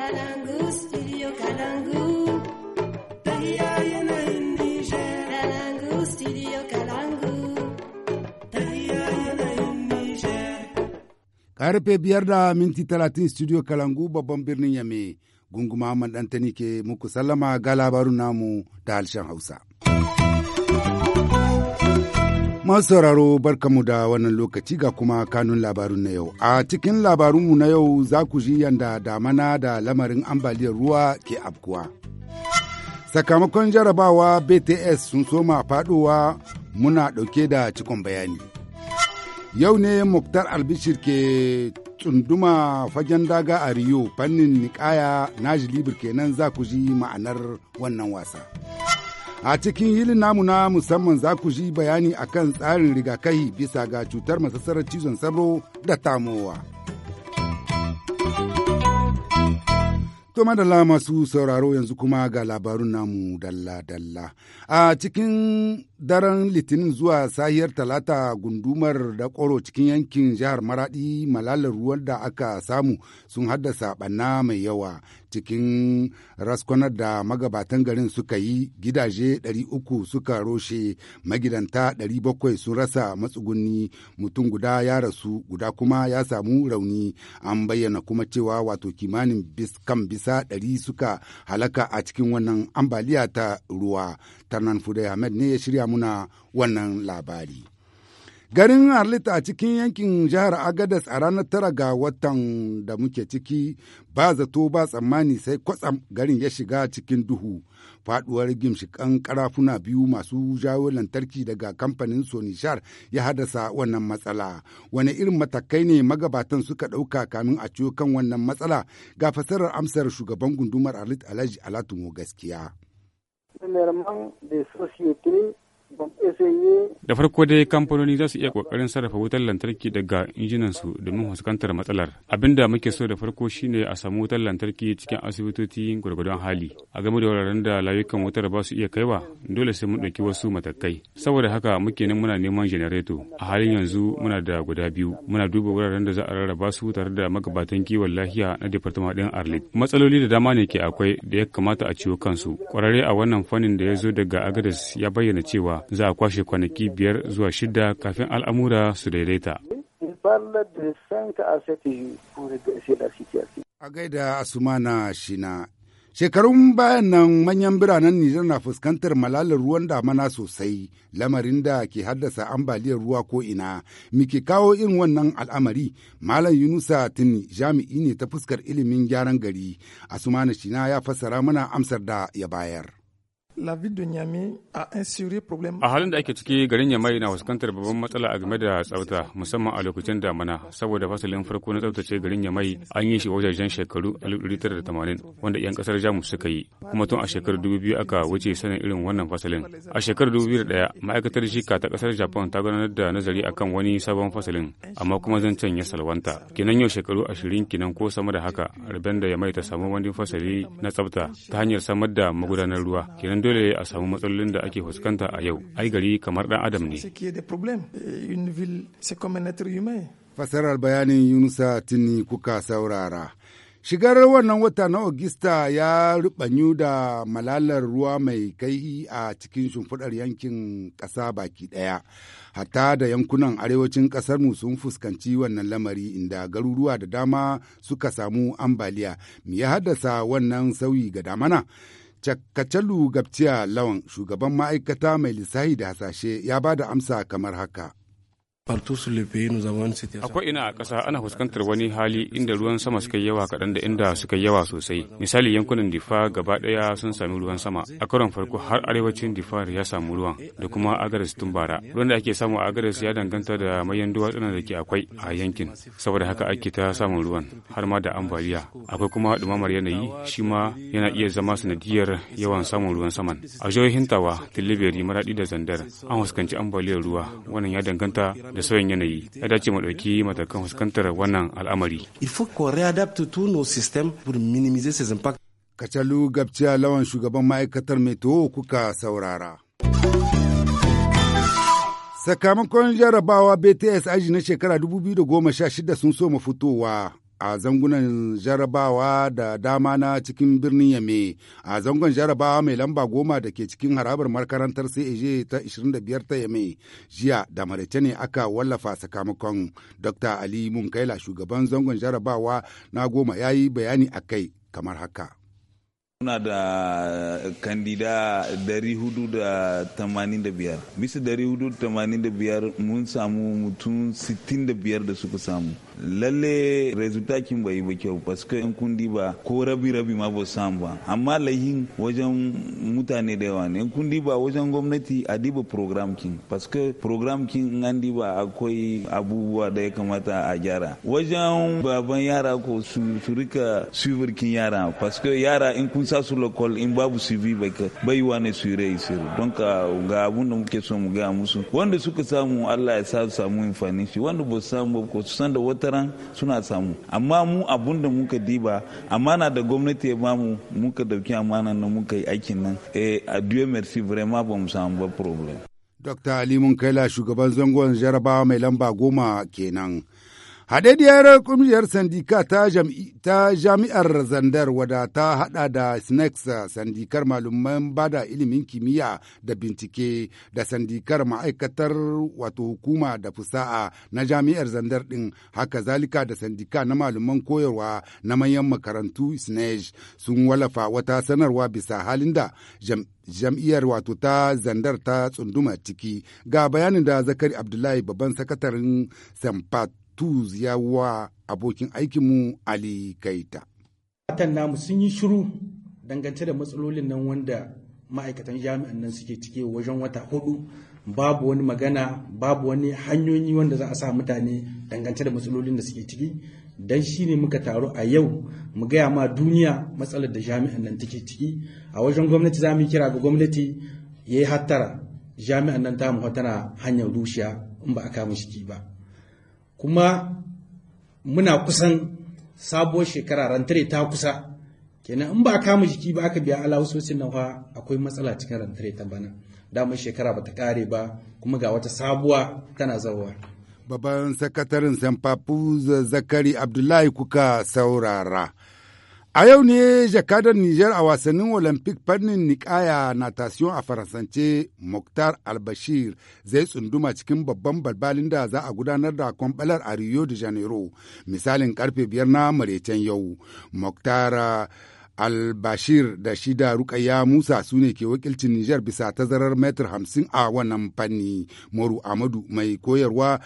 Kalangu, studio Kalangu. yanayin studio yanayin Karfe biyar da minti talatin studio Kalangu babban birnin Yame. Gunguma Ahmad Dantani ke muku sallama ga labarun namu da harshen Hausa. Masu sauraro barkamu da wannan lokaci ga kuma kanun labarun na yau. A cikin labarunmu na yau za ku ji yanda damana da lamarin ambaliyar ruwa ke afkuwa. Sakamakon jarabawa BTS sun soma faɗowa muna ɗauke da cikon bayani. Yau ne Muktar Albishir ke tsunduma fagen daga a Rio fannin niƙaya Najilibir kenan za ku ji ma'anar wannan wasa. A cikin hilin namu na musamman za ku ji bayani a kan tsarin rigakafi bisa ga cutar masassarar cizon sauro da tamowa. To madalla masu sauraro yanzu kuma ga labarun namu dalla-dalla. A cikin daren litinin zuwa sahiyar talata gundumar da koro cikin yankin jihar maradi malalar ruwan da aka samu sun haddasa ɓanna mai yawa cikin raskonar da magabatan garin suka yi gidaje 300 suka roshe magidanta 700 sun rasa matsuguni mutum guda ya rasu guda kuma ya samu rauni an bayyana kuma cewa wato kimanin kan bisa 100 suka halaka a cikin wannan ambaliya ta ruwa tarnan fudai ahmed ne ya shirya muna wannan labari. Garin halitta a cikin yankin jihar Agadas a ranar tara ga watan da muke ciki ba zato ba tsammani sai kwatsam garin ya shiga cikin duhu. Faduwar gimshikan karafuna biyu masu jawo lantarki daga kamfanin Sonishar ya haddasa wannan matsala. Wane irin matakai ne magabatan suka ɗauka kamin a ciyo kan wannan matsala ga fasarar amsar shugaban gundumar Alhaji Alatumo gaskiya. Da farko dai kamfanoni za su iya kokarin sarrafa wutar lantarki daga su domin fuskantar matsalar. Abin da muke so da farko shine a samu wutar lantarki cikin asibitoci gwargwadon hali. A game da wuraren da layukan wutar ba su iya kaiwa, dole sai mun ɗauki wasu matakai. Saboda haka muke nan muna neman janareto. A halin yanzu muna da guda biyu. Muna duba wuraren da za a rarraba su tare da magabatan kiwon lafiya na departamen ɗin Arlit. Matsaloli da dama ne ke akwai da ya kamata a ciwo kansu. Kwararre a wannan fannin da ya zo daga Agadez ya bayyana cewa za a kwashe kwanaki biyar zuwa shida kafin al'amura su daidaita. A gaida Asumana Shina, shekarun bayan nan manyan biranen Nijar na fuskantar malalar ruwan damana sosai, lamarin da ke haddasa ambaliyar ruwa ko ina, muke kawo irin wannan al'amari, Malam Yunusa Tini jami'i ne ta fuskar ilimin gyaran gari, Asumana Shina ya fassara mana amsar da ya bayar. A halin da ake ciki garin Yamai na fuskantar babban matsala a game da tsafta musamman a lokacin damana saboda fasalin farko na tsaftace garin Yamai an yi shi wajajen shekaru 1980 wanda 'yan kasar Jamus suka yi kuma tun a shekarar 2000 aka wuce sanin irin wannan fasalin. A shekarar 2001 ma'aikatar Jika ta kasar Japan ta gudanar da nazari akan wani sabon fasalin amma kuma zancen ya salwanta. Kenan yau shekaru 20 kenan ko sama da haka da Yamai ta samu wani fasali na tsafta ta hanyar samar da magudanar ruwa. Kenan dole a samu matsalolin da ake fuskanta a yau ai gari kamar dan adam ne euh, fasarar bayanin yunusa tini kuka saurara shigar wannan wata na Ogista ya rubanyu da malalar ruwa mai kai a cikin shimfiɗar yankin ƙasa baki ɗaya. Hatta da yankunan arewacin ƙasarmu sun fuskanci wannan lamari inda garuruwa da dama suka samu ambaliya. Me ya haddasa wannan sauyi ga damana? Cakkacalu Gabciya Lawan, shugaban ma'aikata mai lissahi da hasashe, ya ba da amsa kamar haka. Akwai ina a ƙasa ana fuskantar wani hali inda ruwan sama suka yi yawa kaɗan da inda suka yi yawa sosai. Misali yankunan Difa gaba ɗaya sun sami ruwan sama. A karon farko har arewacin Difa ya samu ruwan da kuma Agares tun bara. Ruwan da ake samu a Agares ya danganta da mayan duwatsuna da ke akwai a yankin. Saboda haka ake ta samun ruwan har ma da ambaliya. Akwai kuma ɗumamar yanayi shi ma yana iya zama sanadiyar yawan samun ruwan saman. A jihohin Tawa, Tilibiri, Maraɗi da Zandar an fuskanci ambaliyar ruwa. Wannan ya danganta da da sauyin yanayi ya dace mu dauki matakan fuskantar wannan al'amari. il faut nos pour minimiser Kacalu Gabciya Lawan shugaban ma'aikatar Meto kuka saurara. Sakamakon jarabawa BTS aji na shekara 2016 sun so fitowa a zangunan jarabawa da dama na cikin birnin yame a zangon jarabawa mai lamba goma da ke cikin harabar makarantar cej ta 25 ta yame jiya da marece ne aka wallafa sakamakon dr ali munkaila shugaban zangon jarabawa na goma ya yi bayani a kai kamar haka Muna da kandida 485. Bisa 485 mun samu mutum 65 da suka samu. lalle resultat kin bai ba kyau paske in kun diba ko rabi rabi ma ba san ba amma lahin wajen mutane da yawa ne in kun diba wajen gwamnati a diba program kin paske program kin in an diba akwai abubuwa da ya kamata a gyara wajen baban yara ko su rika suvirkin yara paske yara in kun sa su lokal in babu suvi bai wa ne su rai sir don ka ga abun da muke so mu gaya musu wanda suka samu Allah ya sa su samu infanishi wanda ba su samu ba ko su san da wata wataran suna samu amma mu abun da muka diba amana da gwamnati ya bamu muka dauki amana nan muka yi aikin nan eh, a dieu merci vraiment ba mu samu ba problem dr ali munkaila shugaban zangon jarabawa mai lamba goma kenan Haɗaɗiyar ƙungiyar sandika ta jami'ar Zandar wada ta haɗa da snacks sandikar malaman bada ilimin kimiyya da bincike da sandikar ma'aikatar wato hukuma da fusa'a na jami'ar Zandar ɗin haka zalika da sandika na malaman koyarwa na manyan makarantu SNEJ sun wallafa wata sanarwa bisa halin da jam'iyyar wato ta zandar ta tsunduma ciki ga bayanin da zakari abdullahi babban sakataren sampat Tuz ya wa abokin aikinmu Ali Kaita. Matan namu sun yi shiru dangance da matsalolin nan wanda ma'aikatan jami'an nan suke cike wajen wata hudu babu wani magana babu wani hanyoyi wanda za a sa mutane dangance da matsalolin da suke ciki dan shi ne muka taru a yau mu gaya ma duniya matsalar da jami'an nan take ciki a wajen gwamnati za mu kira ga gwamnati ya yi hattara jami'an nan tamu tana hanyar rushiya in ba a kama shi ba kuma muna kusan sabuwar shekara rantare ta kusa kenan in ba kama jiki ba aka biya alawusocin nan fa akwai matsala cikin rantare ta bana damar shekara ba ta kare ba kuma ga wata sabuwa tana zawa babban sakataren sanfafu zakari abdullahi kuka saurara A yau ne jakadar Nijar a wasannin Olympic fannin Nikaya Natation a Faransance Mokhtar Albashir zai tsunduma cikin babban balbalin da za a gudanar da kwambalar a Rio de Janeiro misalin karfe biyar na maraicen yau. Mokhtar Albashir da shida Rukayya Musa su ne ke wakilcin Nijar bisa tazarar metar hamsin a wannan fanni. Moru Amadu mai koyarwa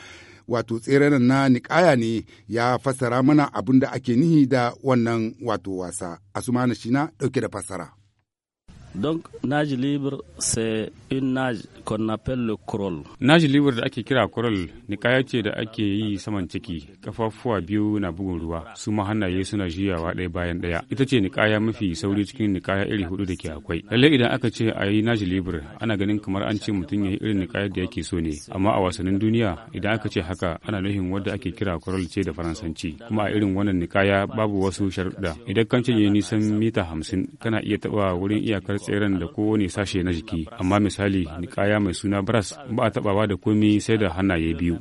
wato tseren na niƙaya ne ya fassara mana abin da ake nihi da wannan wato wasa. Asumana na ɗauke da fassara. Donc, nage libre, c'est une nage qu'on appelle le crawl. Nage libre da ake kira crawl, kaya ce da ake yi saman ciki, kafafuwa biyu na bugun ruwa, su ma hannaye suna juyawa ɗaya bayan ɗaya. Ita ce ni niƙaya mafi sauri cikin ni kaya iri hudu da ke akwai. Lallai idan aka ce a yi nage libre, ana ganin kamar an ce mutum ya yi irin kaya da yake so ne. Amma a wasannin duniya, idan aka ce haka, ana nufin wadda ake kira crawl ce da Faransanci. Kuma a irin wannan nikaya babu wasu sharuɗa. Idan kan ce nisan mita hamsin, kana iya taɓa wurin iyakar tseren da kowane sashe na jiki amma misali niƙaya mai suna bras ba a tabawa da komi sai da hannaye biyu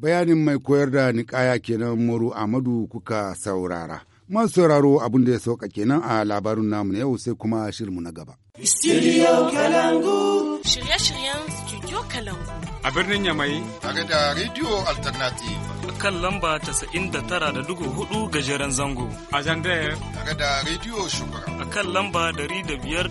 bayanin mai koyar da niƙaya kenan moro amadu kuka saurara masu sauraro abun da ya sauka kenan a labarin namu na yau sai kuma shirinmu na gaba studio kalangu shirye-shiryen studio kalangu a birnin yamai tare da radio alternative kan lamba 99.4 gajeren zango. A Zandayar. Daga da Radio Shugaba. A kan lamba 105.5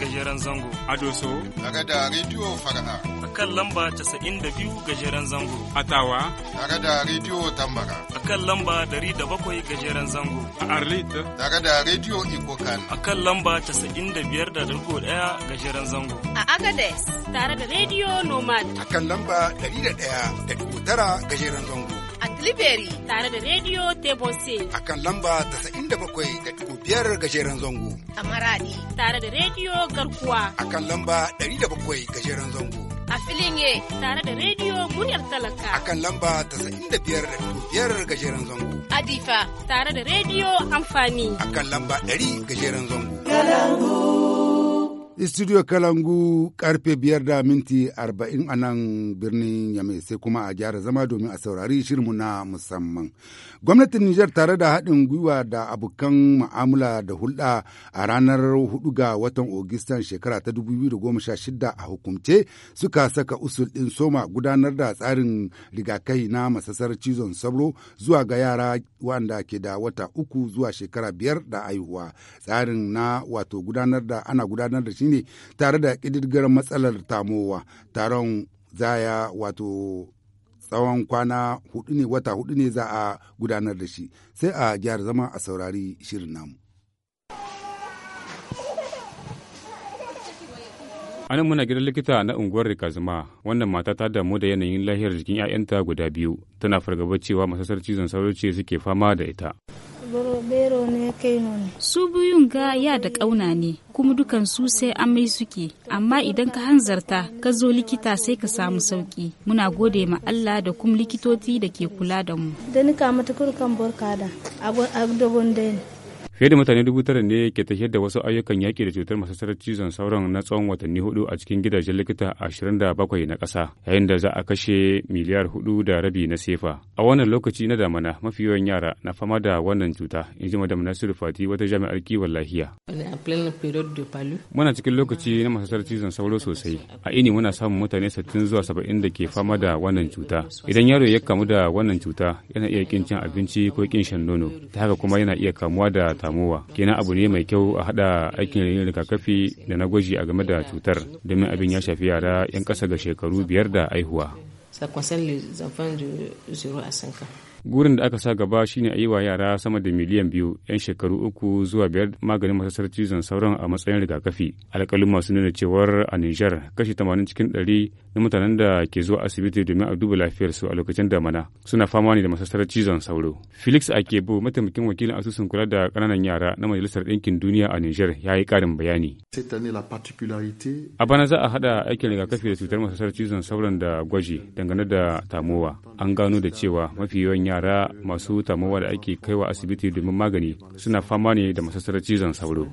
gajeren zango. A Doso. Daga da Radio Fara'a. A kan lamba 92 gajeren zango. A Tawa. Daga da Radio Tambara. A kan lamba 107 gajeren zango. A Arlit. Daga da Radio Ikokan. A kan lamba 95.1 gajeren zango. A Agades. Tare da Radio Nomad. A kan lamba 101.9 gajeren zango. a Tilbury tare da Radio Tebose. A kan lamba da bakwai biyar gajeren zango. A Maradi tare da Radio Garkuwa. A kan lamba da bakwai gajeren zango. A Filinge tare da Radio Muryar Talaka. A kan lamba da biyar biyar gajeren zango. A Difa tare da Radio Amfani. A kan lamba 100 gajeren zango. Kalangu. studio kalangu karfe biyar da minti arba'in a nan birnin yamai sai kuma a gyara zama domin a saurari shirmu na musamman gwamnatin nijar tare da haɗin gwiwa da abokan ma'amula da hulɗa a ranar hudu ga watan ogistan shekara ta 2016 a hukumce suka saka usul ɗin soma gudanar da tsarin rigakai na masasar cizon sauro zuwa ga yara wanda ke da wata uku zuwa shekara biyar da aihuwa tsarin na wato gudanar da ana gudanar da ne tare da ƙididdigar matsalar tamowa taron zaya wato tsawon kwana hudu ne wata hudu ne za a gudanar da shi sai a gyara zama a saurari shirin namu a nan muna gidan likita na unguwar rikazuma wannan mata ta damu da yanayin lahiyar jikin 'ya'yanta guda biyu tana fargaba cewa masasar cizon sauro ce suke fama da ita bero ne ne biyun ga ya da ƙauna ne kuma dukan su sai amai suke amma idan ka hanzarta ka zo likita sai ka samu sauƙi muna gode ma Allah da kuma likitoci da ke kula da mu da ni kamata kurkan borka da a da Fiye da mutane dubu tara ne ke tafiyar da wasu ayyukan yaƙi da cutar masassarar cizon sauron na tsawon watanni hudu a cikin gidajen likita ashirin da bakwai na ƙasa, yayin da za a kashe miliyar hudu da rabi na sefa. A wannan lokaci na damana mafi yawan yara na fama da wannan cuta, in ji Madam Nasiru Fati wata jami'ar kiwon lafiya. Muna cikin lokaci na masassarar cizon sauro sosai, a ini muna samun mutane sittin zuwa saba'in da ke fama da wannan cuta. Idan yaro ya kamu da wannan cuta yana iya kin cin abinci ko kin shan nono, ta haka kuma yana iya kamuwa da damuwa kenan abu ne mai kyau a haɗa aikin rigakafi da na gwaji a game da cutar domin abin ya shafi yara 'yan ƙasa ga shekaru biyar da aihuwa. gurin da aka sa gaba shine a yi wa yara sama da miliyan biyu 'yan shekaru uku zuwa biyar maganin masasar cizon sauran a matsayin rigakafi alƙalin masu nuna cewar a nijar kashi tamanin cikin ɗari na mutanen da ke zuwa asibiti domin a duba lafiyarsu a lokacin damana suna fama ne da masasar cizon sauro felix akebo mataimakin wakilin asusun kula da ƙananan yara na majalisar ɗinkin duniya a nijar ya yi ƙarin bayani a bana za a haɗa aikin rigakafi da cutar masasar cizon sauron da gwaji dangane da tamowa an gano da cewa mafi yawan yara masu tamowa da ake kaiwa asibiti domin magani suna fama ne da masassarar cizon sauro.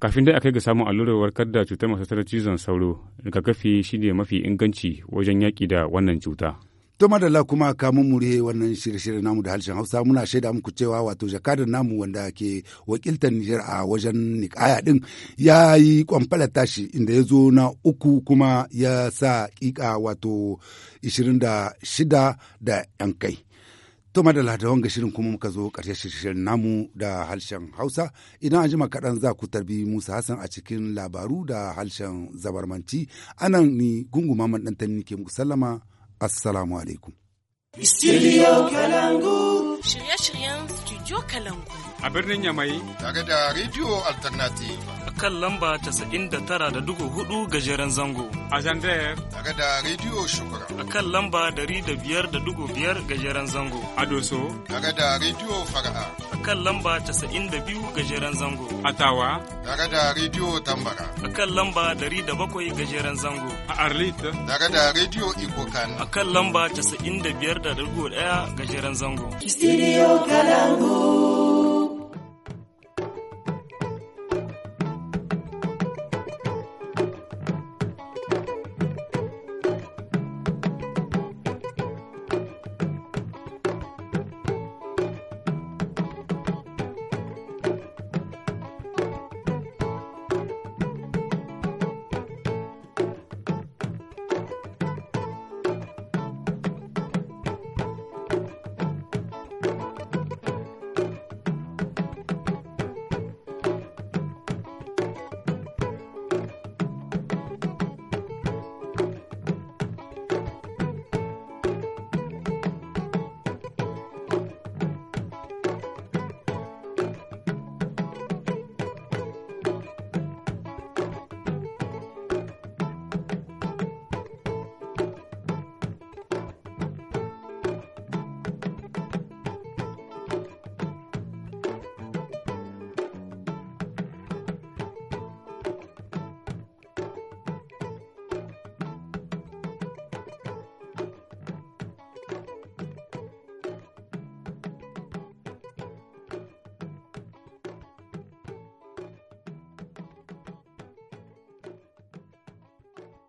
Kafin dai a kai ga samun allurar warkar da cutar masassarar cizon sauro, rigakafi shine mafi inganci wajen yaƙi da wannan cuta. To madalla kuma kamun murihe wannan shirye-shirye namu da harshen Hausa muna shaida muku cewa wato jakadan namu wanda ke wakiltar Nijar a wajen nikaya din ya yi kwamfala tashi inda ya zo na uku kuma ya sa kika wato 26 da yan kai. To madalla da wanga shirin kuma muka zo ƙarshen shirin namu da harshen Hausa idan an jima kaɗan za ku tarbi Musa Hassan a cikin labaru da harshen zabarmanci anan ni gunguma man ɗan ke muku sallama. Assalamu alaikum. Studio Kalangu. Shirye-shiryen Studio Kalangu. A birnin Yamai. Tare da Radio Alternative. A kan lamba da tara da dugu hudu gajeren zango. A Zandayar. Tare da Radio Shukura. A kan lamba dari da biyar da biyar dugu biyar gajeren zango. A Doso. Tare da Radio Fara'a. kan lamba 92 gajeren zango. A Tawa. Daga da Radio Tambara. A kan lamba 107 gajeren zango. A Arlita. Daga da Radio Ikokan. A kan lamba 95.1 gajeren zango. Studio Kalangu.